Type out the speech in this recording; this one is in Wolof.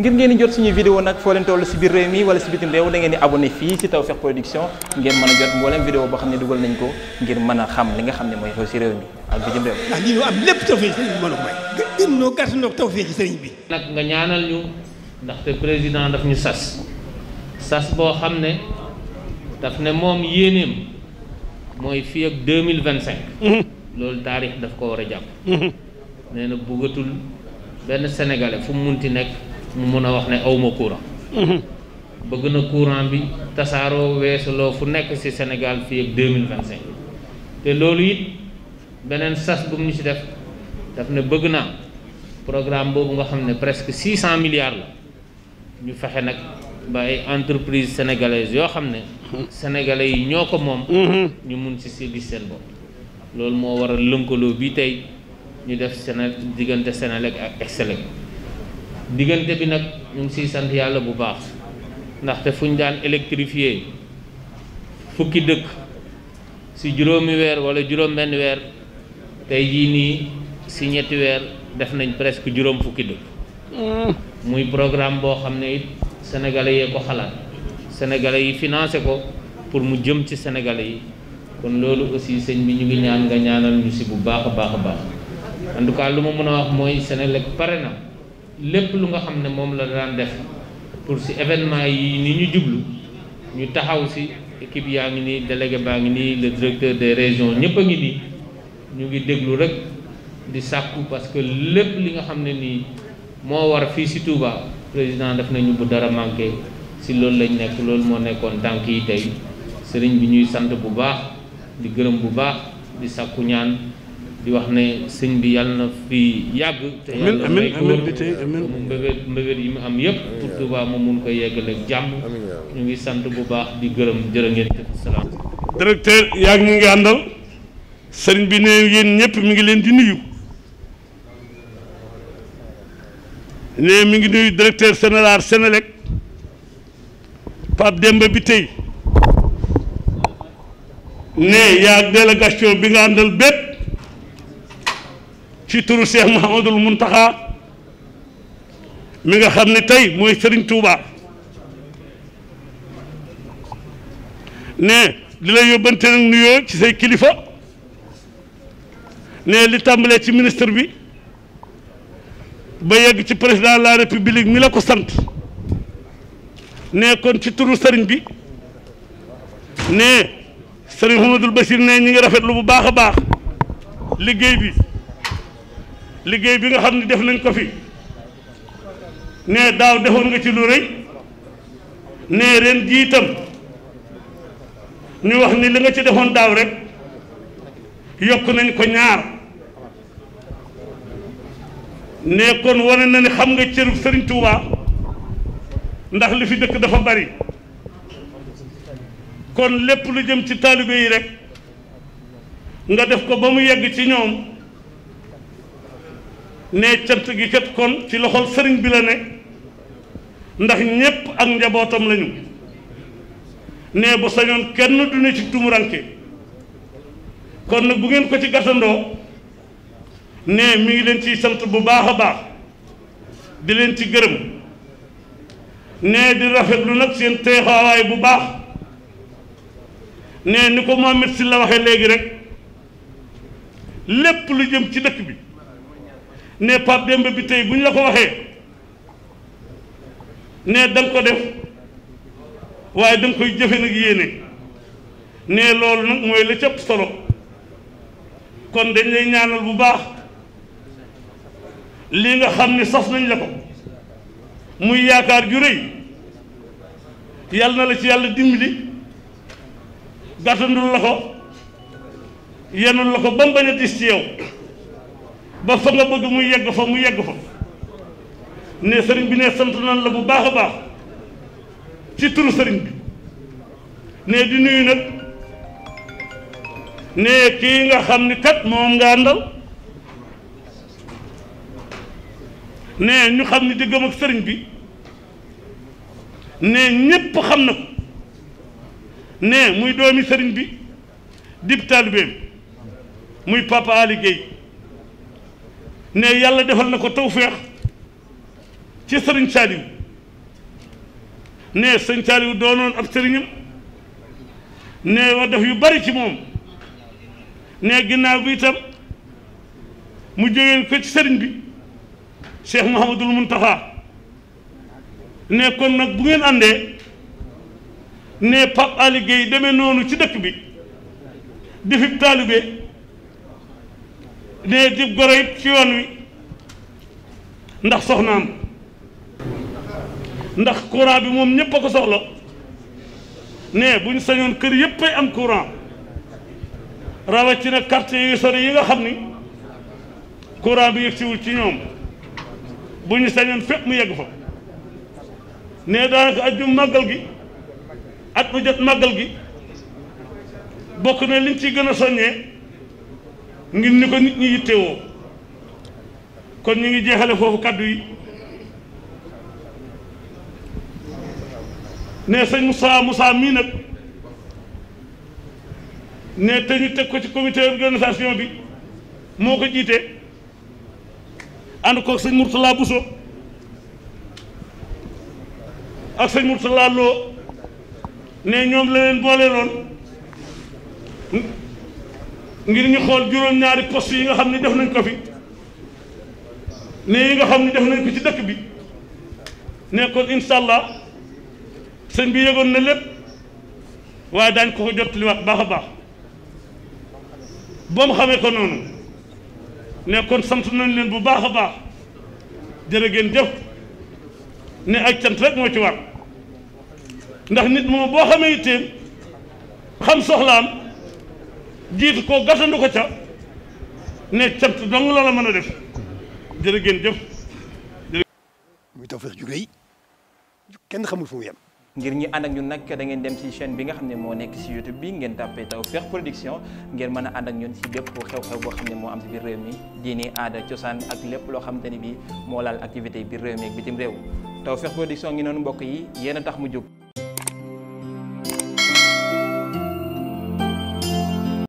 ngir ngeen di jot suñu vidéo nag foo leen toll si biir réew mi wala si bitim réew da ngeen di abonné fii si Tawfekh Production ngeen mën a jot mboolem vidéo boo xam ne dugal nañ ko ngir mën a xam li nga xam ne mooy xew si réew mi ak bitim réew. ndax lii ñu am lépp Tawfekh a ñu ndaxte sas boo xam ne daf ne moom yéeneem mooy fii ak mille vingt cinq. loolu taarix daf ko war a jàpp. nee na bëggatul benn sénégalais fu mu munti nekk. mu mun a wax ne awma courant mhm. bëgg na courant bi tasaaroo weesuloo fu nekk ci Sénégal fii ak mille vingt cinq te loolu it beneen sas bu mu ñu ci def daf ne bëgg naa programme boobu nga xam ne presque six cent milliards la ñu fexe nag ba ay entreprise sénégalaise yoo xam ne mhm. sénégalais yi ñoo ko moom mhm. ñu mun ci si gis seen bopp loolu moo war waral lënkaloo bi tey ñu def Séné diggante Sénélec ak Excelec diggante bi nag ñu ngi siy sant yàlla bu baax ndaxte fu ñu daan électrifier fukki dëkk si juróomi weer wala juróom-benn weer tey jii nii si ñetti weer def nañ presque juróom fukki dëkk muy programme boo xam ne it sénégalais yee ko xalaat sénégalais yi finance ko pour mu jëm ci sénégalais yi kon loolu aussi sëñ bi ñu ngi ñaan nga ñaanal ñu si bu baax baax a baax en lu ma mën a wax mooy Senelec pare na lépp lu nga xam ne moom la daan def pour si événement yi ni ñu jublu ñu taxaw si équipe yaa ngi nii délégué baa ngi nii le directeur des régions ñëpp a ngi nii ñu ngi déglu rek di sàkku parce que lépp li nga xam ne nii moo war fii si Touba président def nañu bu dara manqué si loolu lañ nekk loolu moo nekkoon tànk yi tey sëriñ bi ñuy sant bu baax di gërëm bu baax di sàkku ñaan di wax ne sëñ bi yàlla na fi yàgg. te yàlla may ko yi mu am yëpp. pour Touba mu ko yeggale ak jàmm. ngi sant bu baax di gërëm jërë ngeen jëf salaam. directeur yaa bi ne yéen ñëpp mi ngi leen di nuyu ne mi ngi nuyu directeur général Sénélec Pape Demba bi tey ne yaa délégation bi nga àndal bépp. ci turu Cheikh Mouhamadul Muntaxa mi nga xam ne tey mooy Sëriñ Tuuba ne di la yóbbante nag nuyoo ci say kilifa ne li tàmbalee ci ministre bi ba yegg ci président de la république mi la ko sant ne kon ci turu sëriñ bi ne sëriñ Mouhamadul Bachir ne ñi ngi lu bu baax a baax liggéey bi liggéey bi nga xam ne def nañ ko fi ne daaw defoon nga ci lu rëy ne ren jiitam itam ñu wax ni li nga ci defoon daaw rek yokk nañ ko ñaar ne kon wane na ne xam nga cërub Sëriñ Tuubaa ndax li fi dëkk dafa bari kon lépp lu jëm ci taalibe yi rek nga def ko ba mu yegg ci ñoom ne cant gi kat kon ci loxol sëriñ bi la ne ndax ñépp ak njabootam lañu ne bu sañoon kenn du ne ci tumuranke kon nag bu ngeen ko ci gàttandoo ne mi ngi leen ciy sant bu baax a baax di leen ci gërëm ne di rafetlu nag seen teexaawaay bu baax ne ni ko Mohamed si la waxee léegi rek lépp lu jëm ci dëkk bi ne Pape Demba bi tey bu ñu la ko waxee ne da ko def waaye da koy jëfe nag yéene ne loolu nag mooy la cëpp solo kon dañ lay ñaanal bu baax lii nga xam ne sas nañ la ko muy yaakaar ju rëy na la ci yàlla dimbali gàttandul la ko yenul la ko ba mu bañ ci yow ba fa nga bëgg mu yegg fa mu yegg fa ne sëriñ bi ne sant nan la bu baax a baax ci turu sëriñ bi ne di nuyu nag ne kii nga xam ni kat moom nga àndal ne ñu xam ni diggam ak sëriñ bi ne ñépp xam na ko ne muy doomi sëriñ bi dib taalibeem muy papa Ali Guèye ne yàlla defal na ko tawféex ci sëriñ Saaliw ne sëriñ Saaliw doonoon ab sëriñam ne wax def yu bari ci moom ne ginnaaw bi itam mu jógee ko ci sëriñ bi Cheikh Mouhamadul Mountakha ne kon nag bu ngeen àndee ne Pape Ali Gueye demee noonu ci dëkk bi di fi dee dib goro it ci wan wi ndax soxnaam ndax courant bi moom ñëpp a ko soxla ne bu ñu sañoon kër yëpp ay am courant rawatina quartier yu sori yi nga xam ni courant bi yëg yëgsiwul ci ñoom bu ñu sañoon fépp mu yegg fa ne daanaka at màggal gi at mu jot màggal gi bokk na liñ ci gën a soññee ngir ni ko nit ñi yittewoo kon ñu ngi jeexale foofu kàddu yi ne sëñ Moussa Moussa mii nag ne te ñu teg ko ci comité organisation bi moo ko jiite ànd ko ak sëñ Mourtala Bousso ak sëñ Mourtala Lo ne ñoom la leen boole loon ngir ñu xool juróom-ñaari poste yi nga xam ne def nañ ko fi ne yi nga xam ne def nañ ko ci dëkk bi ne kon incha allah bi yëgoon na lépp waaye daañ ko ko jottaliwaat baax a baax ba xamee ko noonu ne kon sant nañ leen bu baax a baax jërë ngeen jëf ne ak cant rek moo ci war ndax nit moo boo xamee itteem xam soxlaam jiitu koo gàttandu ko ca ne cant dong loola mën a def jërë ngeen jëf. muy Tawfekh ju rëy kenn xamul fu mu yem. ngir ñi ànd ak ñun nag da ngeen dem ci chaine bi nga xam ne moo nekk ci YouTube bi ngeen tàppee Tawfekh Production ngeen mën a ànd ak ñun ci bépp xew-xew boo xam ne moo am ci réew mi diini aada cosaan ak lépp loo xam ni bi moo laal activité biir réew mi ak bitim réew Tawfekh Production ngi noonu mbokk yi yéen a tax mu jóg.